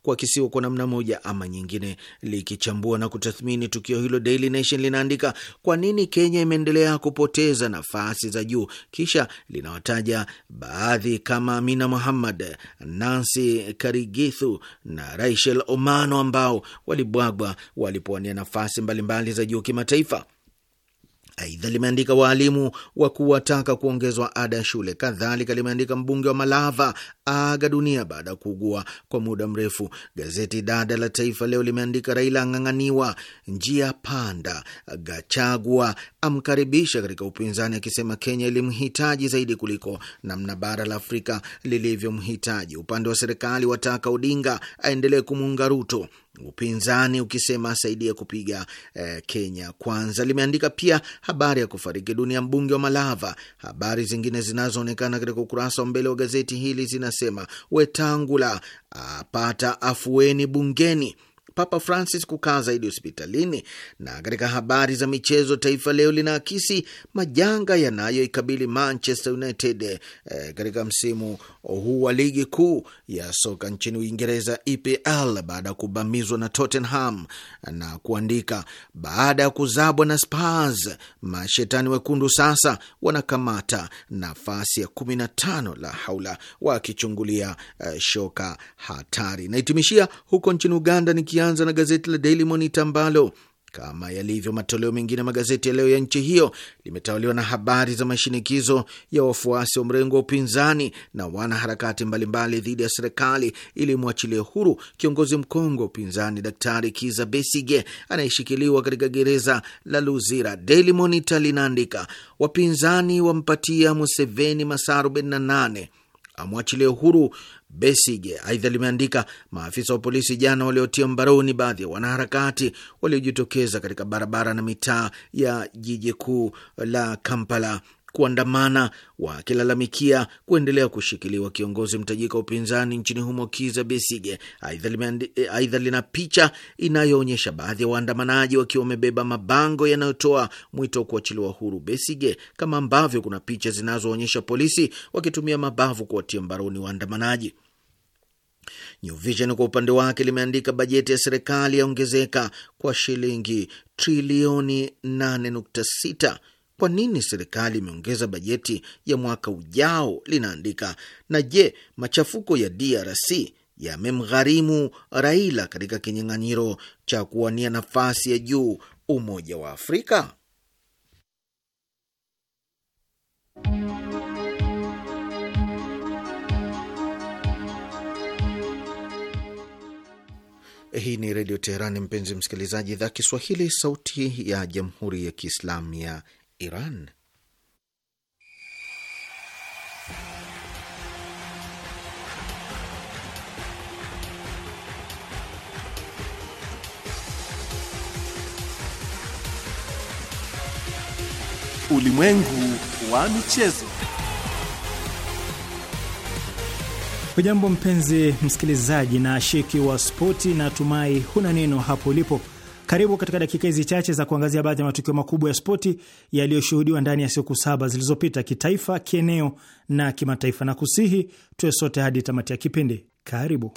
kuakisiwa kwa namna moja ama nyingine. Likichambua na kutathmini tukio hilo, Daily Nation linaandika kwa nini Kenya imeendelea kupoteza nafasi za juu, kisha linawataja baadhi kama Amina Muhammad, Nancy Karigithu na na Raishel Omano ambao walibwagwa walipowania nafasi mbalimbali za juu kimataifa. Aidha limeandika waalimu wakuu wataka kuongezwa ada ya shule. Kadhalika limeandika mbunge wa Malava aga dunia baada ya kuugua kwa muda mrefu. Gazeti dada la Taifa Leo limeandika Raila ang'ang'aniwa njia panda, Gachagua amkaribisha katika upinzani akisema Kenya ilimhitaji zaidi kuliko namna bara la Afrika lilivyomhitaji. Upande wa serikali wataka Odinga aendelee kumuunga Ruto upinzani ukisema asaidia kupiga eh, Kenya kwanza. Limeandika pia habari ya kufariki dunia mbunge wa Malava. Habari zingine zinazoonekana katika ukurasa wa mbele wa gazeti hili zinasema Wetangula apata afueni bungeni Papa Francis kukaa zaidi hospitalini. Na katika habari za michezo, Taifa Leo linaakisi majanga yanayoikabili Manchester United eh, katika msimu huu wa ligi kuu ya soka nchini Uingereza, EPL, baada ya kubamizwa na Tottenham na kuandika, baada ya kuzabwa na Spurs, mashetani wekundu sasa wanakamata nafasi ya 15 la haula, wakichungulia eh, shoka hatari. Nahitimishia huko nchini Uganda nikia tukianza na gazeti la Daily Monitor ambalo kama yalivyo matoleo mengine magazeti ya leo ya nchi hiyo limetawaliwa na habari za mashinikizo ya wafuasi wa mrengo wa upinzani na wanaharakati mbalimbali dhidi ya serikali ili mwachilie huru kiongozi mkongwe wa upinzani Daktari Kiza Besige anayeshikiliwa katika gereza la Luzira. Daily Monitor linaandika wapinzani wampatia Museveni masaa 48 amwachilie huru Besige. Aidha limeandika maafisa wa polisi jana waliotia mbaroni baadhi ya wanaharakati waliojitokeza katika barabara na mitaa ya jiji kuu la Kampala kuandamana wakilalamikia kuendelea kushikiliwa kiongozi mtajika upinzani nchini humo Kiza Besige. Aidha, lina picha inayoonyesha baadhi ya waandamanaji wakiwa wamebeba mabango yanayotoa mwito wa kuachiliwa huru Besige, kama ambavyo kuna picha zinazoonyesha polisi wakitumia mabavu kuwatia mbaroni waandamanaji. New Vision kwa upande wake limeandika bajeti ya serikali yaongezeka kwa shilingi trilioni 8.6 kwa nini serikali imeongeza bajeti ya mwaka ujao, linaandika na je, machafuko ya DRC yamemgharimu Raila katika kinyang'anyiro cha kuwania nafasi ya juu Umoja wa Afrika? Hii ni Redio Teherani, mpenzi msikilizaji, idhaa Kiswahili, sauti ya Jamhuri ya Kiislamu ya Iran. Ulimwengu wa michezo. Hujambo mpenzi msikilizaji na shiki wa spoti, na tumai huna neno hapo ulipo. Karibu katika dakika hizi chache za kuangazia baadhi ya matukio makubwa ya spoti yaliyoshuhudiwa ndani ya siku saba zilizopita, kitaifa, kieneo na kimataifa, na kusihi tuwe sote hadi tamati ya kipindi. Karibu.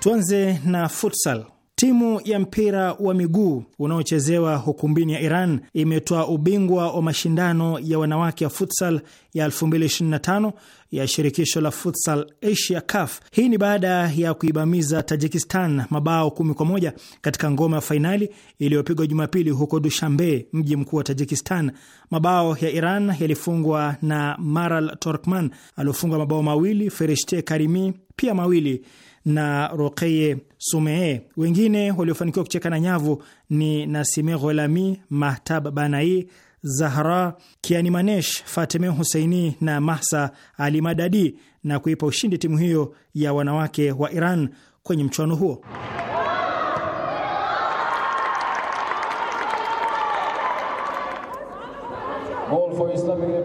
Tuanze na futsal. Timu ya mpira wa miguu unaochezewa hukumbini ya Iran imetoa ubingwa wa mashindano ya wanawake ya futsal ya 2025 ya shirikisho la futsal Asia CAF. Hii ni baada ya kuibamiza Tajikistan mabao kumi kwa moja katika ngoma ya fainali iliyopigwa Jumapili huko Dushambe, mji mkuu wa Tajikistan. Mabao ya Iran yalifungwa na Maral Torkman aliofunga mabao mawili, Ferishte Karimi pia mawili na Rokeye Sumee. Wengine waliofanikiwa kucheka na nyavu ni Nasime Gholami, Mahtab Banai, Zahra kiani manesh Fatime Huseini na Mahsa Ali Madadi, na kuipa ushindi timu hiyo ya wanawake wa Iran kwenye mchuano huo. for Iran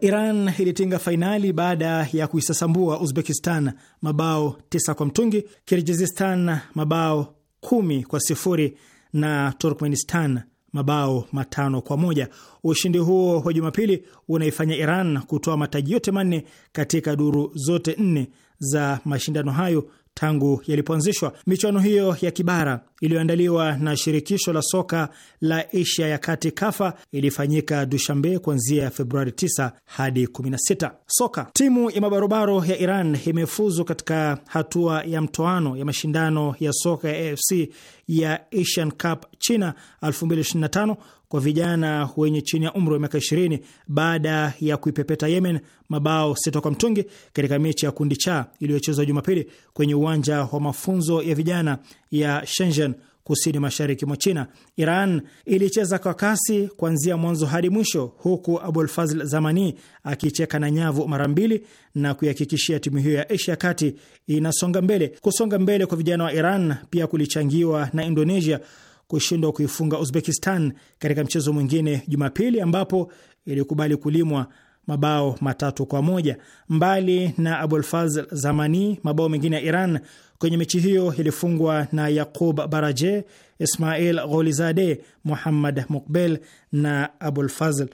Iran ilitinga fainali baada ya kuisasambua Uzbekistan mabao 9 kwa mtungi, Kirgizistan mabao kumi kwa sifuri na Turkmenistan mabao matano kwa moja. Ushindi huo wa Jumapili unaifanya Iran kutoa mataji yote manne katika duru zote nne za mashindano hayo tangu yalipoanzishwa. Michuano hiyo ya kibara iliyoandaliwa na shirikisho la soka la Asia ya kati KAFA ilifanyika Dushambe kuanzia Februari 9 hadi 16. Soka timu ya mabarobaro ya Iran imefuzu katika hatua ya mtoano ya mashindano ya soka ya AFC ya Asian Cup China 2025 kwa vijana wenye chini ya umri wa miaka 20 baada ya kuipepeta Yemen mabao sita kwa mtungi katika mechi ya kundi cha iliyochezwa Jumapili kwenye uwanja wa mafunzo ya vijana ya Shenzhen kusini mashariki mwa China. Iran ilicheza kwa kasi kuanzia mwanzo hadi mwisho, huku Abulfazl Zamani akicheka na nyavu mara mbili na kuihakikishia timu hiyo ya Asia kati inasonga mbele. Kusonga mbele kwa vijana wa Iran pia kulichangiwa na Indonesia kushindwa kuifunga Uzbekistan katika mchezo mwingine Jumapili, ambapo ilikubali kulimwa mabao matatu kwa moja. Mbali na abulfazl Zamani, mabao mengine ya Iran kwenye mechi hiyo ilifungwa na Yaqub Baraje, Ismail Gholizade, Muhammad Mukbel na Abulfazl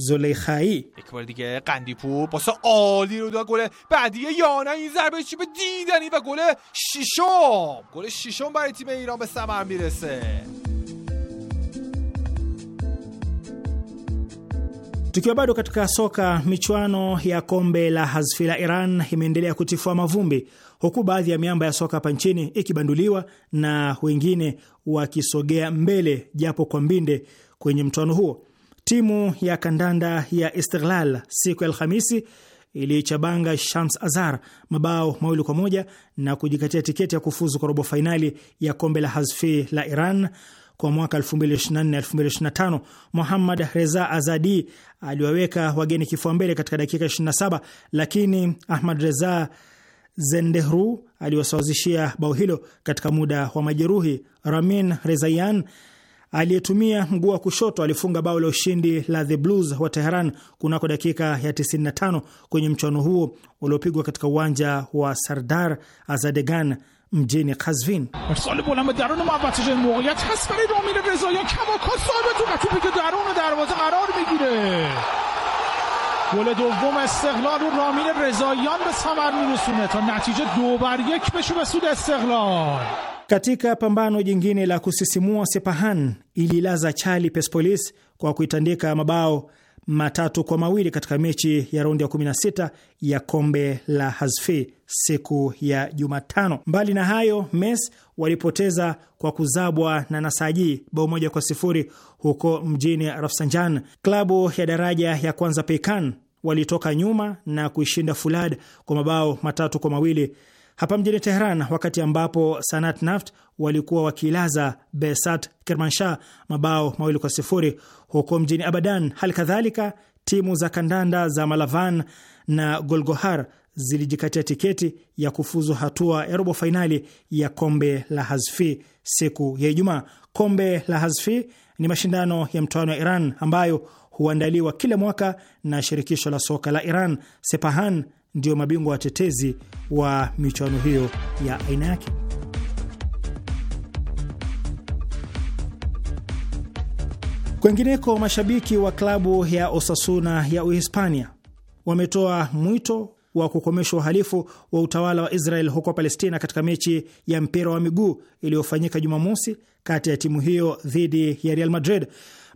زلیخایی یک بار دیگه قندی پور پاس عالی رو داد گل بعدی یانه این ضربه چی به دیدنی و گل ششم گل ششم برای تیم ایران به ثمر میرسه Tukiwa bado katika soka, michuano ya kombe la Hazfi la Iran imeendelea kutifua mavumbi huku baadhi ya miamba ya soka hapa nchini ikibanduliwa na wengine wakisogea mbele japo kwa mbinde kwenye mchuano huo. Timu ya kandanda ya Istiklal siku ya Alhamisi iliichabanga Shams Azar mabao mawili kwa moja na kujikatia tiketi ya kufuzu kwa robo fainali ya kombe la Hazfi la Iran kwa mwaka 2024-2025. Muhammad Reza Azadi aliwaweka wageni kifua mbele katika dakika 27, lakini Ahmad Reza Zendehru aliwasawazishia bao hilo katika muda wa majeruhi. Ramin Rezayan aliyetumia mguu wa kushoto alifunga bao la ushindi la The Blues wa Teheran kunako dakika ya 95 kwenye mchuano huo uliopigwa katika uwanja wa Sardar Azadegan mjini Kazvin. گل دوم استقلال رو رامین رضاییان به ثمر میرسونه تا نتیجه دو بر یک بشه به سود استقلال Katika pambano jingine la kusisimua, Sepahan ililaza chali Persepolis kwa kuitandika mabao matatu kwa mawili katika mechi ya raundi ya 16 ya kombe la Hazfi siku ya Jumatano. Mbali na hayo, Mes walipoteza kwa kuzabwa na Nasaji bao moja kwa sifuri huko mjini Rafsanjan. Klabu ya daraja ya kwanza peikan walitoka nyuma na kuishinda Fulad kwa mabao matatu kwa mawili hapa mjini teheran wakati ambapo Sanat Naft walikuwa wakilaza Besat Kermanshah mabao mawili kwa sifuri huko mjini Abadan. Hali kadhalika timu za kandanda za Malavan na Golgohar zilijikatia tiketi ya kufuzu hatua ya robo fainali ya kombe la Hazfi siku ya Ijumaa. Kombe la Hazfi ni mashindano ya mtoano ya Iran ambayo huandaliwa kila mwaka na shirikisho la soka la Iran Sepahan ndio mabingwa watetezi wa michuano hiyo ya aina yake. Kwengineko, mashabiki wa klabu ya Osasuna ya Uhispania wametoa mwito wa kukomesha uhalifu wa utawala wa Israel huko Palestina katika mechi ya mpira wa miguu iliyofanyika Jumamosi kati ya timu hiyo dhidi ya Real Madrid.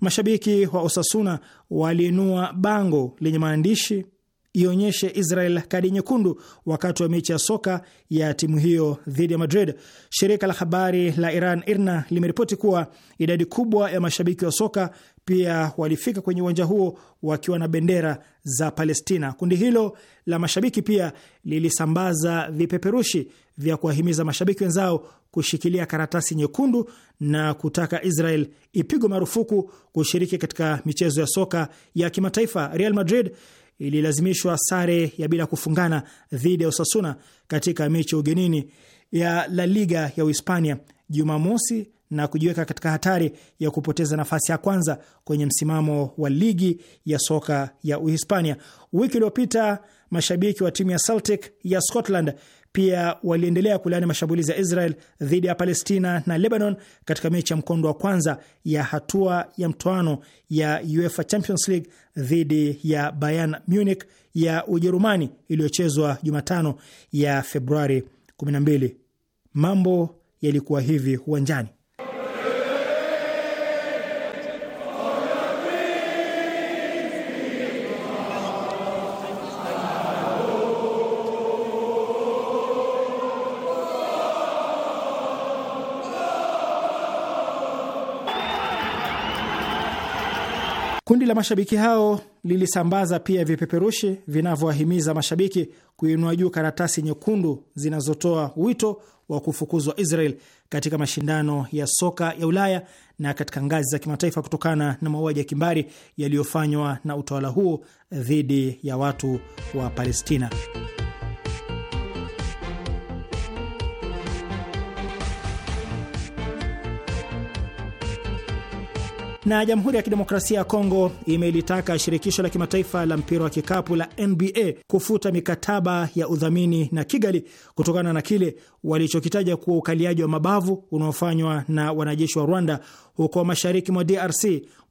Mashabiki wa Osasuna waliinua bango lenye maandishi ionyeshe Israel kadi nyekundu wakati wa mechi ya soka ya timu hiyo dhidi ya Madrid. Shirika la habari la Iran IRNA limeripoti kuwa idadi kubwa ya mashabiki wa soka pia walifika kwenye uwanja huo wakiwa na bendera za Palestina. Kundi hilo la mashabiki pia lilisambaza vipeperushi vya kuwahimiza mashabiki wenzao kushikilia karatasi nyekundu na kutaka Israel ipigwe marufuku kushiriki katika michezo ya soka ya kimataifa. Real Madrid ililazimishwa sare ya bila kufungana dhidi ya Osasuna katika mechi ya ugenini ya La Liga ya Uhispania Jumamosi na kujiweka katika hatari ya kupoteza nafasi ya kwanza kwenye msimamo wa ligi ya soka ya Uhispania. Wiki iliyopita mashabiki wa timu ya Celtic ya Scotland pia waliendelea kulaani mashambulizi ya Israel dhidi ya Palestina na Lebanon katika mechi ya mkondo wa kwanza ya hatua ya mtoano ya UEFA Champions League dhidi ya Bayern Munich ya Ujerumani iliyochezwa Jumatano ya Februari 12. Mambo yalikuwa hivi uwanjani. Kundi la mashabiki hao lilisambaza pia vipeperushi vinavyowahimiza mashabiki kuinua juu karatasi nyekundu zinazotoa wito wa kufukuzwa Israel katika mashindano ya soka ya Ulaya na katika ngazi za kimataifa kutokana na mauaji ya kimbari yaliyofanywa na utawala huo dhidi ya watu wa Palestina. Na Jamhuri ya Kidemokrasia ya Kongo imelitaka shirikisho la kimataifa la mpira wa kikapu la NBA kufuta mikataba ya udhamini na Kigali kutokana na kile walichokitaja kuwa ukaliaji wa mabavu unaofanywa na wanajeshi wa Rwanda huko mashariki mwa DRC.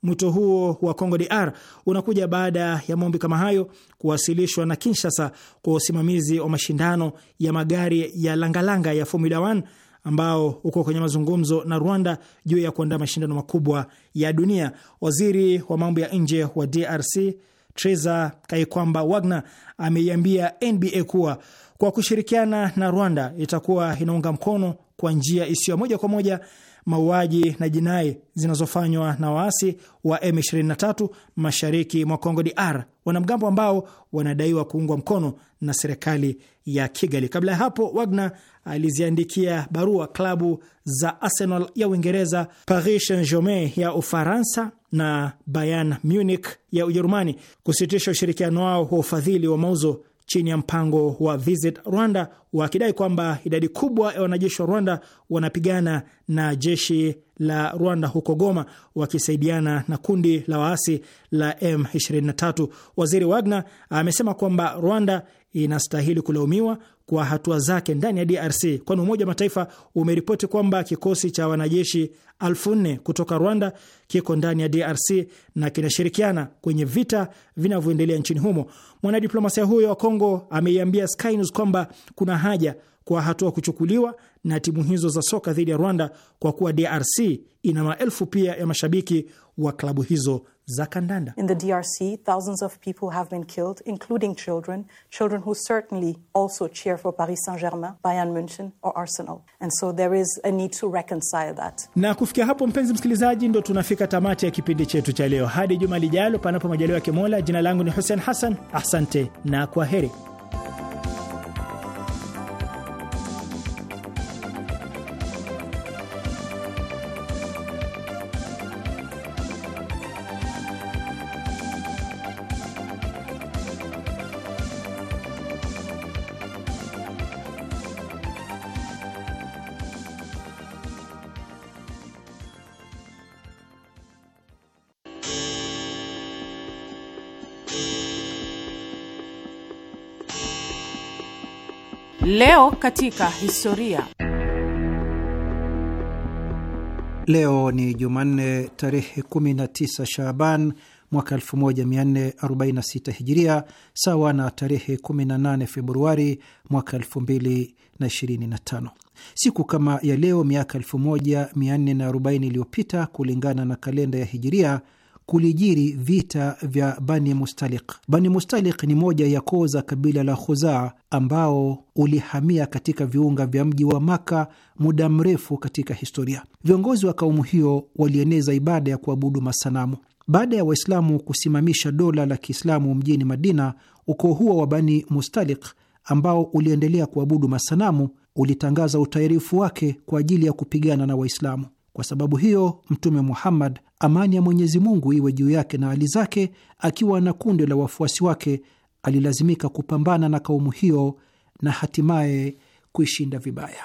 Mwito huo wa congo DR unakuja baada ya maombi kama hayo kuwasilishwa na Kinshasa kwa usimamizi wa mashindano ya magari ya langalanga ya Formula 1 ambao uko kwenye mazungumzo na Rwanda juu ya kuandaa mashindano makubwa ya dunia. Waziri wa mambo ya nje wa DRC Treza Kaikwamba Wagner ameiambia NBA kuwa kwa kushirikiana na Rwanda itakuwa inaunga mkono kwa njia isiyo moja kwa moja mauaji na jinai zinazofanywa na waasi wa M23 mashariki mwa Kongo DR, wanamgambo ambao wanadaiwa kuungwa mkono na serikali ya Kigali. Kabla ya hapo, Wagner aliziandikia barua klabu za Arsenal ya Uingereza, Paris Saint-Germain ya Ufaransa na Bayern Munich ya Ujerumani kusitisha ushirikiano wao wa ufadhili wa mauzo chini ya mpango wa Visit Rwanda wakidai kwamba idadi kubwa ya wanajeshi wa Rwanda wanapigana na jeshi la Rwanda huko Goma wakisaidiana na kundi la waasi la M23. Waziri Wagner amesema kwamba Rwanda inastahili kulaumiwa kwa hatua zake ndani ya DRC, kwani Umoja wa Mataifa umeripoti kwamba kikosi cha wanajeshi elfu nne kutoka Rwanda kiko ndani ya DRC na kinashirikiana kwenye vita vinavyoendelea nchini humo. Mwanadiplomasia huyo wa Kongo ameiambia Sky News kwamba kuna haja kwa hatua kuchukuliwa na timu hizo za soka dhidi ya Rwanda kwa kuwa DRC ina maelfu pia ya mashabiki wa klabu hizo za kandanda. In the DRC, thousands of people have been killed, including children, children who certainly also cheer for Paris Saint-Germain, Bayern Munchen or Arsenal. And so there is a need to reconcile that. Na kufikia hapo, mpenzi msikilizaji, ndo tunafika tamati ya kipindi chetu cha leo. Hadi juma lijalo, panapo majaliwa ya Mola. Jina langu ni Hussein Hassan, asante na kwa heri. Leo katika historia. Leo ni Jumanne tarehe 19 Shaaban mwaka 1446 Hijiria, sawa na tarehe 18 Februari mwaka 2025. Siku kama ya leo miaka 1440 iliyopita kulingana na kalenda ya Hijiria kulijiri vita vya Bani Mustalik. Bani Mustalik ni moja ya koo za kabila la Khuzaa ambao ulihamia katika viunga vya mji wa Maka muda mrefu katika historia. Viongozi wa kaumu hiyo walieneza ibada ya kuabudu masanamu. Baada ya Waislamu kusimamisha dola la Kiislamu mjini Madina, ukoo huo wa Bani Mustalik ambao uliendelea kuabudu masanamu ulitangaza utayarifu wake kwa ajili ya kupigana na Waislamu. Kwa sababu hiyo Mtume Muhammad, amani ya Mwenyezi Mungu iwe juu yake na hali zake, akiwa na kundi la wafuasi wake, alilazimika kupambana na kaumu hiyo na hatimaye kuishinda vibaya.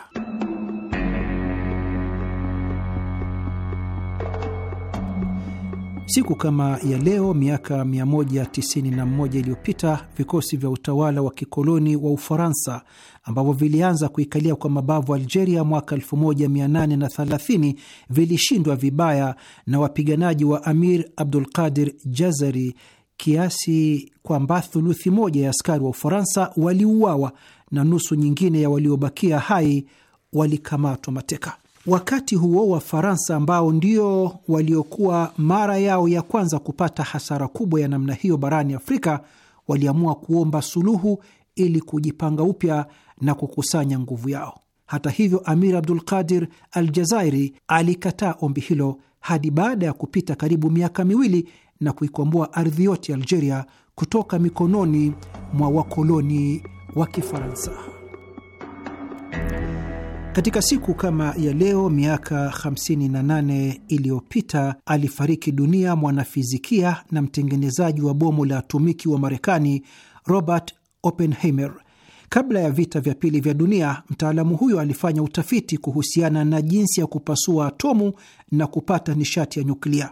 Siku kama ya leo miaka 191 iliyopita vikosi vya utawala wa kikoloni wa Ufaransa ambavyo vilianza kuikalia kwa mabavu Algeria mwaka 1830 vilishindwa vibaya na wapiganaji wa Amir Abdul Qadir Jazari kiasi kwamba thuluthi moja ya askari wa Ufaransa waliuawa na nusu nyingine ya waliobakia hai walikamatwa mateka. Wakati huo Wafaransa ambao ndio waliokuwa mara yao ya kwanza kupata hasara kubwa ya namna hiyo barani Afrika waliamua kuomba suluhu ili kujipanga upya na kukusanya nguvu yao. Hata hivyo, Amir Abdul Qadir Al Jazairi alikataa ombi hilo hadi baada ya kupita karibu miaka miwili na kuikomboa ardhi yote ya Algeria kutoka mikononi mwa wakoloni wa Kifaransa. Katika siku kama ya leo miaka 58 iliyopita alifariki dunia mwanafizikia na mtengenezaji wa bomu la atomiki wa Marekani Robert Oppenheimer. Kabla ya vita vya pili vya dunia, mtaalamu huyo alifanya utafiti kuhusiana na jinsi ya kupasua atomu na kupata nishati ya nyuklia.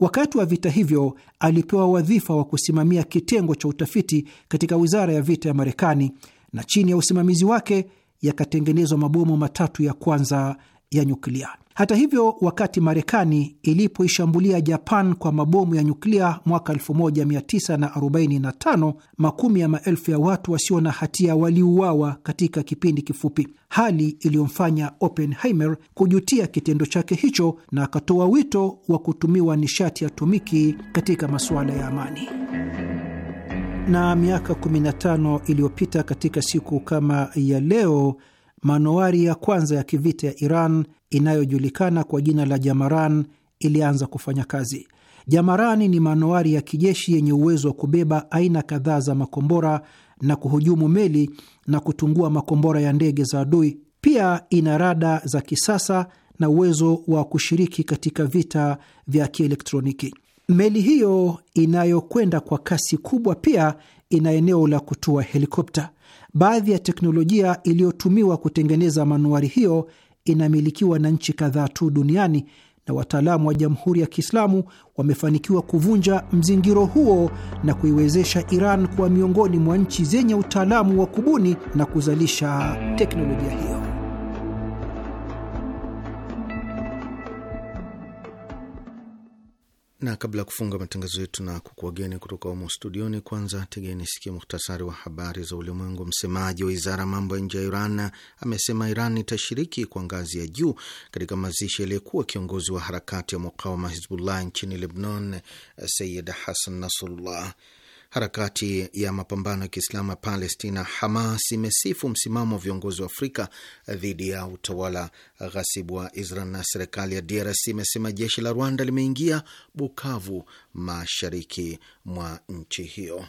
Wakati wa vita hivyo alipewa wadhifa wa kusimamia kitengo cha utafiti katika wizara ya vita ya Marekani, na chini ya usimamizi wake yakatengenezwa mabomu matatu ya kwanza ya nyuklia. Hata hivyo, wakati Marekani ilipoishambulia Japan kwa mabomu ya nyuklia mwaka 1945 makumi ya maelfu ya watu wasio na hatia waliuawa katika kipindi kifupi, hali iliyomfanya Oppenheimer kujutia kitendo chake hicho na akatoa wito wa kutumiwa nishati atomiki katika masuala ya amani na miaka 15 iliyopita katika siku kama ya leo, manowari ya kwanza ya kivita ya Iran inayojulikana kwa jina la Jamaran ilianza kufanya kazi. Jamarani ni manowari ya kijeshi yenye uwezo wa kubeba aina kadhaa za makombora na kuhujumu meli na kutungua makombora ya ndege za adui. Pia ina rada za kisasa na uwezo wa kushiriki katika vita vya kielektroniki. Meli hiyo inayokwenda kwa kasi kubwa pia ina eneo la kutua helikopta. Baadhi ya teknolojia iliyotumiwa kutengeneza manuari hiyo inamilikiwa na nchi kadhaa tu duniani na wataalamu wa Jamhuri ya Kiislamu wamefanikiwa kuvunja mzingiro huo na kuiwezesha Iran kuwa miongoni mwa nchi zenye utaalamu wa kubuni na kuzalisha teknolojia hiyo. na kabla ya kufunga matangazo yetu na kukuageni kutoka humo studioni, kwanza tegeni sikia muhtasari wa habari za ulimwengu. Msemaji wa wizara ya mambo ya nje ya Iran amesema Iran itashiriki kwa ngazi ya juu katika mazishi aliyekuwa kiongozi wa harakati ya mukawama Hizbullah nchini Lebnon, Sayid Hasan Nasrullah. Harakati ya mapambano ya Kiislamu ya Palestina, Hamas, imesifu msimamo wa viongozi wa Afrika dhidi ya utawala ghasibu wa Israel, na serikali ya DRC imesema jeshi la Rwanda limeingia Bukavu, mashariki mwa nchi hiyo.